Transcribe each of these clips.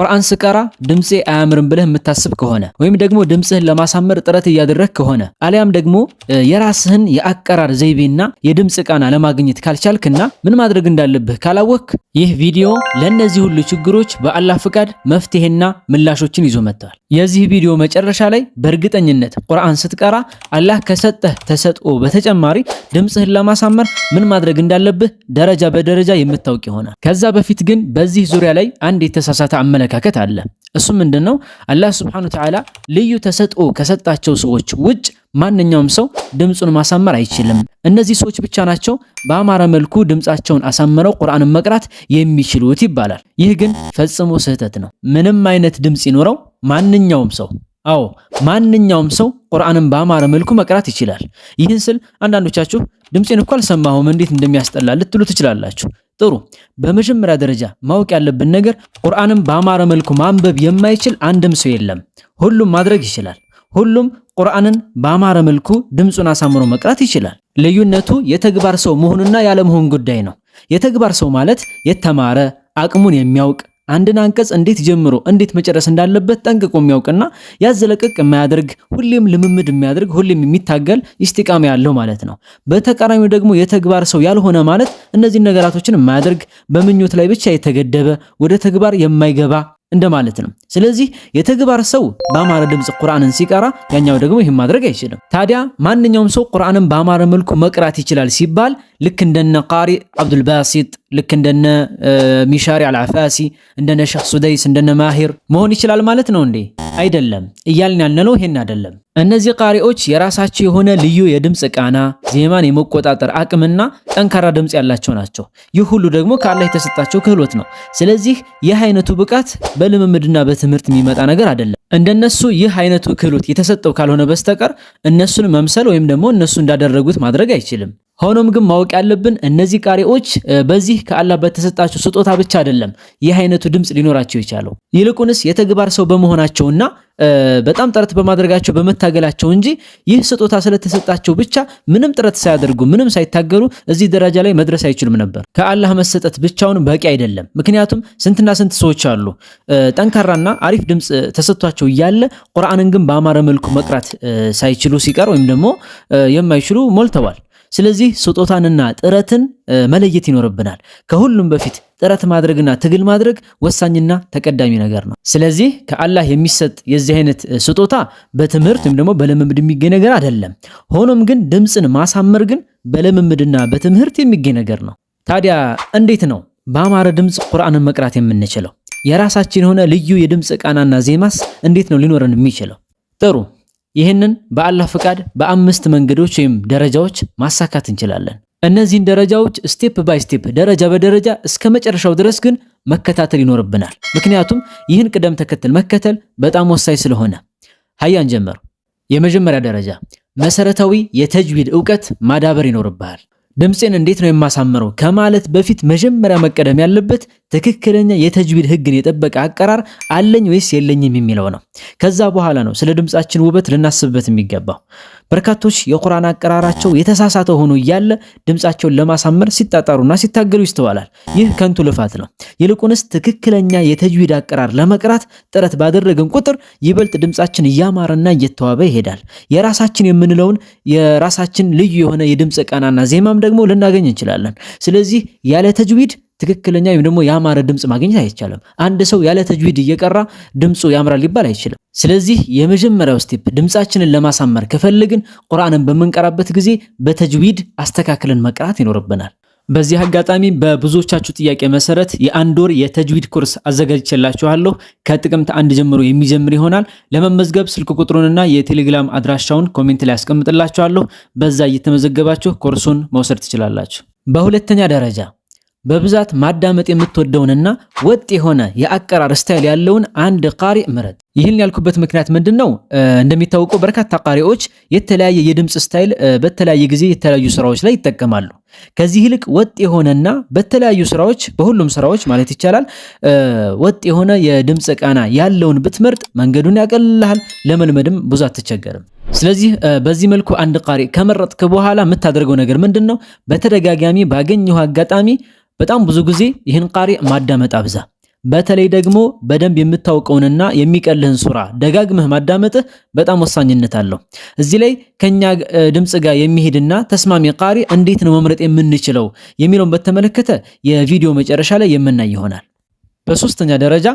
ቁርአን ስቀራ ድምፄ አያምርም ብለህ የምታስብ ከሆነ ወይም ደግሞ ድምፅህን ለማሳመር ጥረት እያደረግ ከሆነ አሊያም ደግሞ የራስህን የአቀራር ዘይቤና የድምፅ ቃና ለማግኘት ካልቻልክና ምን ማድረግ እንዳለብህ ካላወክ ይህ ቪዲዮ ለእነዚህ ሁሉ ችግሮች በአላህ ፍቃድ መፍትሄና ምላሾችን ይዞ መጥተዋል። የዚህ ቪዲዮ መጨረሻ ላይ በእርግጠኝነት ቁርአን ስትቀራ አላህ ከሰጠህ ተሰጥኦ በተጨማሪ ድምፅህን ለማሳመር ምን ማድረግ እንዳለብህ ደረጃ በደረጃ የምታውቅ ይሆናል። ከዛ በፊት ግን በዚህ ዙሪያ ላይ አንድ የተሳሳተ አመለካከት አመለካከት አለ። እሱ ምንድን ነው? አላህ ስብሐነ ወተዓላ ልዩ ተሰጥኦ ከሰጣቸው ሰዎች ውጭ ማንኛውም ሰው ድምፁን ማሳመር አይችልም። እነዚህ ሰዎች ብቻ ናቸው በአማረ መልኩ ድምፃቸውን አሳምረው ቁርአንን መቅራት የሚችሉት ይባላል። ይህ ግን ፈጽሞ ስህተት ነው። ምንም አይነት ድምፅ ይኖረው ማንኛውም ሰው አዎ ማንኛውም ሰው ቁርአንን በአማረ መልኩ መቅራት ይችላል። ይህን ስል አንዳንዶቻችሁ ድምፄን እኮ አልሰማሁም እንዴት እንደሚያስጠላ ልትሉ ትችላላችሁ። ጥሩ፣ በመጀመሪያ ደረጃ ማወቅ ያለብን ነገር ቁርአንን በአማረ መልኩ ማንበብ የማይችል አንድም ሰው የለም። ሁሉም ማድረግ ይችላል። ሁሉም ቁርአንን በአማረ መልኩ ድምፁን አሳምሮ መቅራት ይችላል። ልዩነቱ የተግባር ሰው መሆኑና ያለመሆን ጉዳይ ነው። የተግባር ሰው ማለት የተማረ አቅሙን የሚያውቅ አንድን አንቀጽ እንዴት ጀምሮ እንዴት መጨረስ እንዳለበት ጠንቅቆ የሚያውቅና ያዘለቀቅ የማያደርግ ሁሌም ልምምድ የሚያደርግ ሁሌም የሚታገል ኢስቲቃማ ያለው ማለት ነው። በተቃራኒው ደግሞ የተግባር ሰው ያልሆነ ማለት እነዚህን ነገራቶችን የማያደርግ በምኞት ላይ ብቻ የተገደበ ወደ ተግባር የማይገባ እንደማለት ነው። ስለዚህ የተግባር ሰው በአማረ ድምፅ ቁርአንን ሲቀራ፣ ያኛው ደግሞ ይህን ማድረግ አይችልም። ታዲያ ማንኛውም ሰው ቁርአንን በአማረ መልኩ መቅራት ይችላል ሲባል ልክ እንደነ ቃሪ አብዱልባሲጥ፣ ልክ እንደነ ሚሻሪ አልአፋሲ፣ እንደነ ሸክ ሱደይስ፣ እንደነ ማሂር መሆን ይችላል ማለት ነው እንዴ? አይደለም። እያልን ያልነለው ይሄን አይደለም። እነዚህ ቃሪዎች የራሳቸው የሆነ ልዩ የድምፅ ቃና፣ ዜማን የመቆጣጠር አቅምና ጠንካራ ድምፅ ያላቸው ናቸው። ይህ ሁሉ ደግሞ ከአላህ የተሰጣቸው ክህሎት ነው። ስለዚህ ይህ አይነቱ ብቃት በልምምድና በትምህርት የሚመጣ ነገር አይደለም። እንደነሱ ይህ አይነቱ ክህሎት የተሰጠው ካልሆነ በስተቀር እነሱን መምሰል ወይም ደግሞ እነሱ እንዳደረጉት ማድረግ አይችልም። ሆኖም ግን ማወቅ ያለብን እነዚህ ቃሪዎች በዚህ ከአላህ በተሰጣቸው ስጦታ ብቻ አይደለም ይህ አይነቱ ድምፅ ሊኖራቸው የቻለው ይልቁንስ የተግባር ሰው በመሆናቸውና በጣም ጥረት በማድረጋቸው በመታገላቸው እንጂ ይህ ስጦታ ስለተሰጣቸው ብቻ ምንም ጥረት ሳያደርጉ ምንም ሳይታገሉ እዚህ ደረጃ ላይ መድረስ አይችሉም ነበር። ከአላህ መሰጠት ብቻውን በቂ አይደለም። ምክንያቱም ስንትና ስንት ሰዎች አሉ ጠንካራና አሪፍ ድምፅ ተሰጥቷቸው እያለ ቁርአንን ግን በአማረ መልኩ መቅራት ሳይችሉ ሲቀር ወይም ደግሞ የማይችሉ ሞልተዋል። ስለዚህ ስጦታንና ጥረትን መለየት ይኖርብናል። ከሁሉም በፊት ጥረት ማድረግና ትግል ማድረግ ወሳኝና ተቀዳሚ ነገር ነው። ስለዚህ ከአላህ የሚሰጥ የዚህ አይነት ስጦታ በትምህርት ወይም ደግሞ በልምምድ የሚገኝ ነገር አይደለም። ሆኖም ግን ድምፅን ማሳመር ግን በልምምድና በትምህርት የሚገኝ ነገር ነው። ታዲያ እንዴት ነው በአማረ ድምፅ ቁርአንን መቅራት የምንችለው? የራሳችን የሆነ ልዩ የድምፅ ቃናና ዜማስ እንዴት ነው ሊኖረን የሚችለው? ጥሩ ይህንን በአላህ ፍቃድ በአምስት መንገዶች ወይም ደረጃዎች ማሳካት እንችላለን። እነዚህን ደረጃዎች ስቴፕ ባይ ስቴፕ ደረጃ በደረጃ እስከ መጨረሻው ድረስ ግን መከታተል ይኖርብናል። ምክንያቱም ይህን ቅደም ተከተል መከተል በጣም ወሳኝ ስለሆነ ሀያን ጀመሩ። የመጀመሪያ ደረጃ መሰረታዊ የተጅዊድ እውቀት ማዳበር ይኖርብሃል። ድምፄን እንዴት ነው የማሳምረው ከማለት በፊት መጀመሪያ መቀደም ያለበት ትክክለኛ የተጅዊድ ህግን የጠበቀ አቀራር አለኝ ወይስ የለኝም የሚለው ነው። ከዛ በኋላ ነው ስለ ድምፃችን ውበት ልናስብበት የሚገባው። በርካቶች የቁርአን አቀራራቸው የተሳሳተ ሆኖ እያለ ድምፃቸውን ለማሳመር ሲጣጣሩና ሲታገሉ ይስተዋላል። ይህ ከንቱ ልፋት ነው። ይልቁንስ ትክክለኛ የተጅዊድ አቀራር ለመቅራት ጥረት ባደረግን ቁጥር ይበልጥ ድምፃችን እያማረና እየተዋበ ይሄዳል። የራሳችን የምንለውን የራሳችን ልዩ የሆነ የድምፅ ቃናና ዜማም ደግሞ ልናገኝ እንችላለን። ስለዚህ ያለ ተጅዊድ ትክክለኛ ወይም ደግሞ ያማረ ድምፅ ማግኘት አይቻልም። አንድ ሰው ያለ ተጅዊድ እየቀራ ድምፁ ያምራል ሊባል አይችልም። ስለዚህ የመጀመሪያው ስቴፕ ድምፃችንን ለማሳመር ከፈለግን ቁርአንን በምንቀራበት ጊዜ በተጅዊድ አስተካክለን መቅራት ይኖርብናል። በዚህ አጋጣሚ በብዙዎቻችሁ ጥያቄ መሰረት የአንድ ወር የተጅዊድ ኮርስ አዘጋጅቼላችኋለሁ። ከጥቅምት አንድ ጀምሮ የሚጀምር ይሆናል። ለመመዝገብ ስልክ ቁጥሩንና የቴሌግራም አድራሻውን ኮሜንት ላይ አስቀምጥላችኋለሁ። በዛ እየተመዘገባችሁ ኮርሱን መውሰድ ትችላላችሁ። በሁለተኛ ደረጃ በብዛት ማዳመጥ የምትወደውንና ወጥ የሆነ የአቀራር ስታይል ያለውን አንድ ቃሪ ምረጥ። ይህን ያልኩበት ምክንያት ምንድን ነው? እንደሚታወቀው በርካታ ቃሪዎች የተለያየ የድምፅ ስታይል በተለያየ ጊዜ የተለያዩ ስራዎች ላይ ይጠቀማሉ። ከዚህ ይልቅ ወጥ የሆነና በተለያዩ ስራዎች፣ በሁሉም ስራዎች ማለት ይቻላል ወጥ የሆነ የድምፅ ቃና ያለውን ብትመርጥ መንገዱን ያቀልልሃል፣ ለመልመድም ብዙ አትቸገርም። ስለዚህ በዚህ መልኩ አንድ ቃሪ ከመረጥክ በኋላ የምታደርገው ነገር ምንድን ነው? በተደጋጋሚ ባገኘው አጋጣሚ በጣም ብዙ ጊዜ ይህን ቃሪ ማዳመጥ አብዛ። በተለይ ደግሞ በደንብ የምታውቀውንና የሚቀልህን ሱራ ደጋግመህ ማዳመጥህ በጣም ወሳኝነት አለው። እዚህ ላይ ከኛ ድምፅ ጋር የሚሄድና ተስማሚ ቃሪ እንዴት ነው መምረጥ የምንችለው የሚለውን በተመለከተ የቪዲዮ መጨረሻ ላይ የምናይ ይሆናል። በሶስተኛ ደረጃ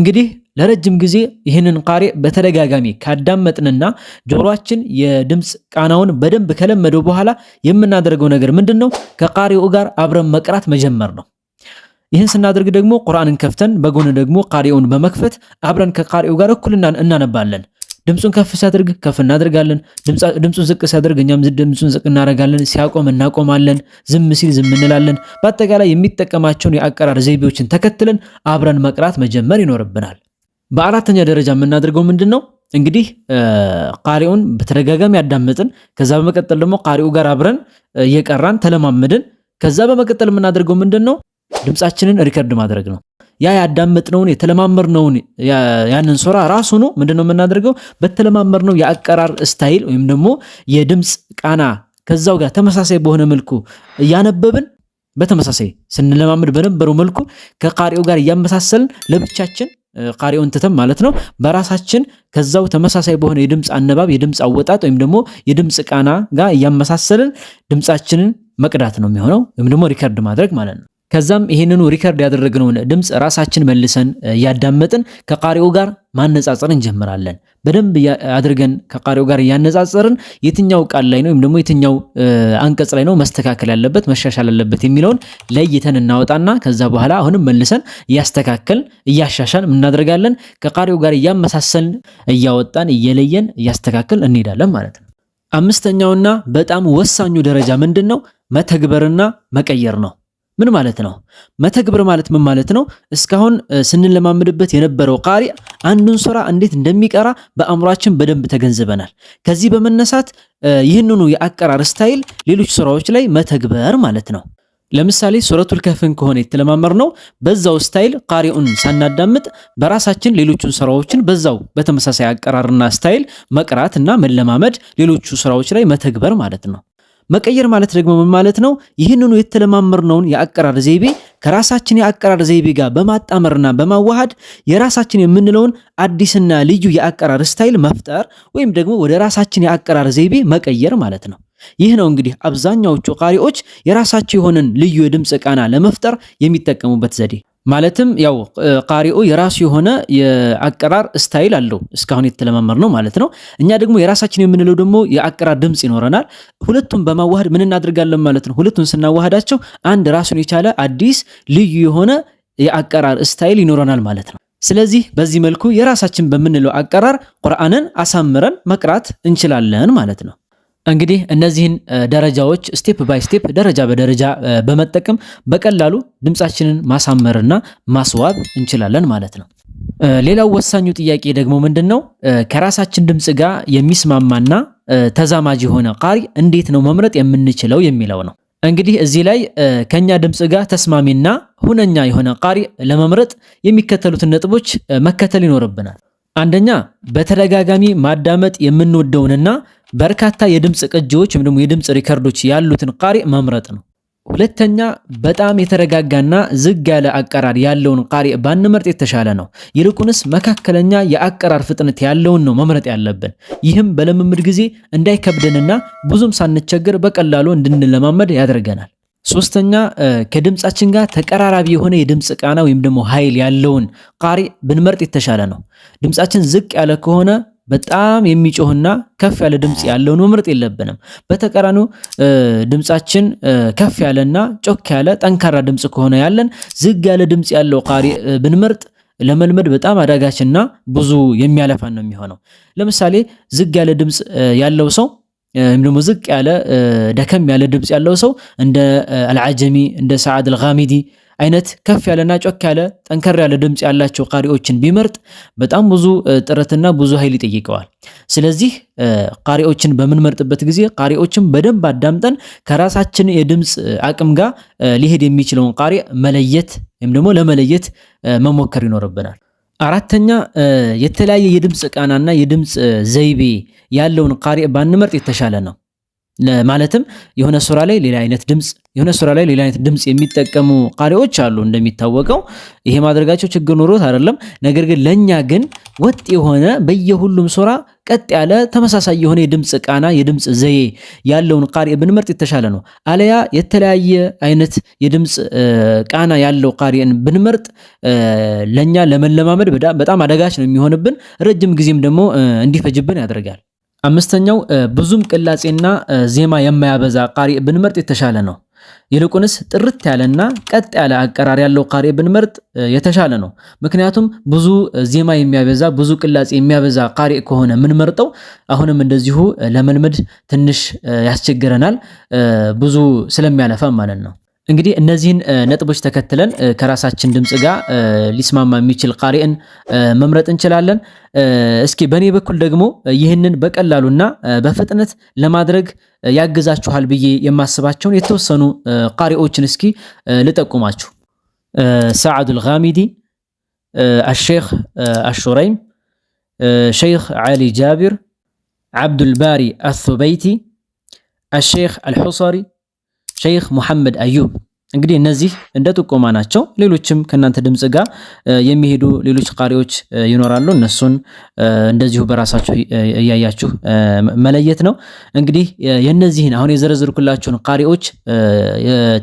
እንግዲህ ለረጅም ጊዜ ይህንን ቃሬ በተደጋጋሚ ካዳመጥንና ጆሮችን የድምፅ ቃናውን በደንብ ከለመደው በኋላ የምናደርገው ነገር ምንድን ነው? ከቃሪው ጋር አብረን መቅራት መጀመር ነው። ይህን ስናደርግ ደግሞ ቁርአንን ከፍተን በጎን ደግሞ ቃሪውን በመክፈት አብረን ከቃሪው ጋር እኩል እናነባለን። ድምፁን ከፍ ሲያደርግ ከፍ እናደርጋለን። ድምፁን ዝቅ ሲያደርግ እኛም ድምፁን ዝቅ እናደርጋለን። ሲያቆም እናቆማለን። ዝም ሲል ዝም እንላለን። በአጠቃላይ የሚጠቀማቸውን የአቀራር ዘይቤዎችን ተከትለን አብረን መቅራት መጀመር ይኖርብናል። በአራተኛ ደረጃ የምናደርገው ምንድን ነው እንግዲህ ቃሪውን በተደጋጋሚ ያዳመጥን፣ ከዛ በመቀጠል ደግሞ ቃሪው ጋር አብረን እየቀራን ተለማመድን። ከዛ በመቀጠል የምናደርገው ምንድን ነው ድምፃችንን ሪከርድ ማድረግ ነው። ያ ያዳመጥነውን የተለማመርነውን ያንን ሶራ ራሱ ነው ምንድን ነው የምናደርገው በተለማመርነው የአቀራር ስታይል ወይም ደግሞ የድምፅ ቃና ከዛው ጋር ተመሳሳይ በሆነ መልኩ እያነበብን በተመሳሳይ ስንለማመድ በነበረው መልኩ ከቃሪው ጋር እያመሳሰልን ለብቻችን ቃሪኦን ትተም ማለት ነው በራሳችን ከዛው ተመሳሳይ በሆነ የድምፅ አነባብ የድምፅ አወጣጥ ወይም ደግሞ የድምፅ ቃና ጋር እያመሳሰልን ድምፃችንን መቅዳት ነው የሚሆነው ወይም ደግሞ ሪከርድ ማድረግ ማለት ነው። ከዛም ይህንኑ ሪከርድ ያደረግነውን ድምፅ ራሳችን መልሰን እያዳመጥን ከቃሪው ጋር ማነጻጸር እንጀምራለን። በደንብ አድርገን ከቃሪው ጋር እያነጻጸርን የትኛው ቃል ላይ ነው ወይም ደግሞ የትኛው አንቀጽ ላይ ነው መስተካከል ያለበት መሻሻል ያለበት የሚለውን ለይተን እናወጣና ከዛ በኋላ አሁንም መልሰን እያስተካከል እያሻሻል እናደርጋለን። ከቃሪው ጋር እያመሳሰልን እያወጣን እየለየን እያስተካከል እንሄዳለን ማለት ነው። አምስተኛውና በጣም ወሳኙ ደረጃ ምንድን ነው? መተግበርና መቀየር ነው። ምን ማለት ነው? መተግበር ማለት ምን ማለት ነው? እስካሁን ስንለማምድበት የነበረው ቃሪ አንዱን ስራ እንዴት እንደሚቀራ በአእምሯችን በደንብ ተገንዝበናል። ከዚህ በመነሳት ይህንኑ የአቀራር ስታይል ሌሎች ስራዎች ላይ መተግበር ማለት ነው። ለምሳሌ ሱረቱል ከፍን ከሆነ የተለማመር ነው። በዛው ስታይል ቃሪኡን ሳናዳምጥ በራሳችን ሌሎቹን ስራዎችን በዛው በተመሳሳይ አቀራርና ስታይል መቅራት እና መለማመድ ሌሎቹ ስራዎች ላይ መተግበር ማለት ነው። መቀየር ማለት ደግሞ ምን ማለት ነው? ይህንኑ የተለማመርነውን የአቀራር ዘይቤ ከራሳችን የአቀራር ዘይቤ ጋር በማጣመርና በማዋሃድ የራሳችን የምንለውን አዲስና ልዩ የአቀራር ስታይል መፍጠር ወይም ደግሞ ወደ ራሳችን የአቀራር ዘይቤ መቀየር ማለት ነው። ይህ ነው እንግዲህ አብዛኛዎቹ ቃሪዎች የራሳቸው የሆነን ልዩ የድምፅ ቃና ለመፍጠር የሚጠቀሙበት ዘዴ። ማለትም ያው ቃሪኡ የራሱ የሆነ የአቀራር ስታይል አለው እስካሁን የተለማመር ነው ማለት ነው። እኛ ደግሞ የራሳችን የምንለው ደግሞ የአቀራር ድምፅ ይኖረናል። ሁለቱም በማዋሃድ ምን እናደርጋለን ማለት ነው። ሁለቱን ስናዋሃዳቸው አንድ ራሱን የቻለ አዲስ ልዩ የሆነ የአቀራር ስታይል ይኖረናል ማለት ነው። ስለዚህ በዚህ መልኩ የራሳችን በምንለው አቀራር ቁርአንን አሳምረን መቅራት እንችላለን ማለት ነው። እንግዲህ እነዚህን ደረጃዎች ስቴፕ ባይ ስቴፕ ደረጃ በደረጃ በመጠቀም በቀላሉ ድምፃችንን ማሳመርና ማስዋብ እንችላለን ማለት ነው። ሌላው ወሳኙ ጥያቄ ደግሞ ምንድን ነው? ከራሳችን ድምፅ ጋር የሚስማማና ተዛማጅ የሆነ ቃሪ እንዴት ነው መምረጥ የምንችለው የሚለው ነው። እንግዲህ እዚህ ላይ ከኛ ድምፅ ጋር ተስማሚና ሁነኛ የሆነ ቃሪ ለመምረጥ የሚከተሉትን ነጥቦች መከተል ይኖርብናል። አንደኛ በተደጋጋሚ ማዳመጥ የምንወደውንና በርካታ የድምፅ ቅጂዎች ወይም ደግሞ የድምፅ ሪከርዶች ያሉትን ቃሪእ መምረጥ ነው። ሁለተኛ በጣም የተረጋጋና ዝግ ያለ አቀራር ያለውን ቃሪእ ባንመርጥ የተሻለ ነው። ይልቁንስ መካከለኛ የአቀራር ፍጥነት ያለውን ነው መምረጥ ያለብን። ይህም በልምምድ ጊዜ እንዳይከብደንና ብዙም ሳንቸግር በቀላሉ እንድንለማመድ ያደርገናል። ሶስተኛ ከድምፃችን ጋር ተቀራራቢ የሆነ የድምፅ ቃና ወይም ደግሞ ኃይል ያለውን ቃሪ ብንመርጥ የተሻለ ነው። ድምፃችን ዝቅ ያለ ከሆነ በጣም የሚጮህና ከፍ ያለ ድምፅ ያለውን መምረጥ የለብንም። በተቃራኒው ድምፃችን ከፍ ያለና ጮክ ያለ ጠንካራ ድምፅ ከሆነ ያለን ዝግ ያለ ድምፅ ያለው ቃሪ ብንመርጥ ለመልመድ በጣም አዳጋችና ብዙ የሚያለፋን ነው የሚሆነው። ለምሳሌ ዝግ ያለ ድምፅ ያለው ሰው ወይም ደግሞ ዝቅ ያለ ደከም ያለ ድምፅ ያለው ሰው እንደ አልዓጀሚ እንደ ሰዓድ አልጋሚዲ አይነት ከፍ ያለና ጮክ ያለ ጠንከር ያለ ድምፅ ያላቸው ቃሪዎችን ቢመርጥ በጣም ብዙ ጥረትና ብዙ ኃይል ይጠይቀዋል። ስለዚህ ቃሪዎችን በምንመርጥበት ጊዜ ቃሪዎችን በደንብ አዳምጠን ከራሳችን የድምፅ አቅም ጋር ሊሄድ የሚችለውን ቃሪ መለየት ወይም ደግሞ ለመለየት መሞከር ይኖርብናል። አራተኛ የተለያየ የድምፅ ቃናና የድምፅ ዘይቤ ያለውን ቃሪ ባንመርጥ የተሻለ ነው። ማለትም የሆነ ሱራ ላይ ሌላ አይነት ድምፅ የሆነ ሱራ ላይ ሌላ አይነት ድምፅ የሚጠቀሙ ቃሪዎች አሉ። እንደሚታወቀው ይሄ ማድረጋቸው ችግር ኖሮት አይደለም። ነገር ግን ለእኛ ግን ወጥ የሆነ በየሁሉም ሱራ ቀጥ ያለ ተመሳሳይ የሆነ የድምፅ ቃና የድምፅ ዘዬ ያለውን ቃሪ ብንመርጥ የተሻለ ነው። አለያ የተለያየ አይነት የድምፅ ቃና ያለው ቃሪን ብንመርጥ ለእኛ ለመለማመድ በጣም አደጋች ነው የሚሆንብን፣ ረጅም ጊዜም ደግሞ እንዲፈጅብን ያደርጋል። አምስተኛው ብዙም ቅላጼና ዜማ የማያበዛ ቃሪእ ብንመርጥ የተሻለ ነው። ይልቁንስ ጥርት ያለና ቀጥ ያለ አቀራር ያለው ቃሪእ ብንመርጥ የተሻለ ነው። ምክንያቱም ብዙ ዜማ የሚያበዛ ብዙ ቅላጼ የሚያበዛ ቃሪእ ከሆነ የምንመርጠው አሁንም እንደዚሁ ለመልመድ ትንሽ ያስቸግረናል፣ ብዙ ስለሚያለፋ ማለት ነው። እንግዲህ እነዚህን ነጥቦች ተከትለን ከራሳችን ድምፅ ጋር ሊስማማ የሚችል ቃሪእን መምረጥ እንችላለን። እስኪ በእኔ በኩል ደግሞ ይህንን በቀላሉና በፍጥነት ለማድረግ ያግዛችኋል ብዬ የማስባቸውን የተወሰኑ ቃሪዎችን እስኪ ልጠቁማችሁ። ሰዓድ አልጋሚዲ፣ አልሼክ አሹረይም፣ ሸይኽ ዓሊ ጃቢር፣ ዓብዱልባሪ አሱበይቲ፣ አልሼክ አልሑሰሪ ሸይኽ ሙሐመድ አዩብ እንግዲህ እነዚህ እንደ ጥቆማ ናቸው። ሌሎችም ከእናንተ ድምፅ ጋር የሚሄዱ ሌሎች ቃሪዎች ይኖራሉ። እነሱን እንደዚሁ በራሳችሁ እያያችሁ መለየት ነው። እንግዲህ የእነዚህን አሁን የዘረዝርኩላቸውን ቃሪዎች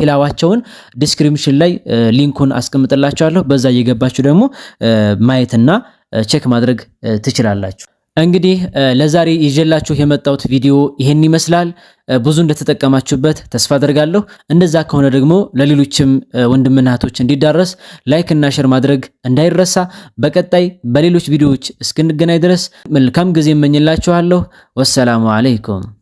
ቲላዋቸውን ዲስክሪፕሽን ላይ ሊንኩን አስቀምጥላችኋለሁ። በዛ እየገባችሁ ደግሞ ማየትና ቼክ ማድረግ ትችላላችሁ። እንግዲህ ለዛሬ ይዤላችሁ የመጣሁት ቪዲዮ ይሄን ይመስላል። ብዙ እንደተጠቀማችሁበት ተስፋ አደርጋለሁ። እንደዛ ከሆነ ደግሞ ለሌሎችም ወንድምና እህቶች እንዲዳረስ ላይክ እና ሼር ማድረግ እንዳይረሳ። በቀጣይ በሌሎች ቪዲዮዎች እስክንገናኝ ድረስ መልካም ጊዜ እመኝላችኋለሁ። ወሰላሙ አለይኩም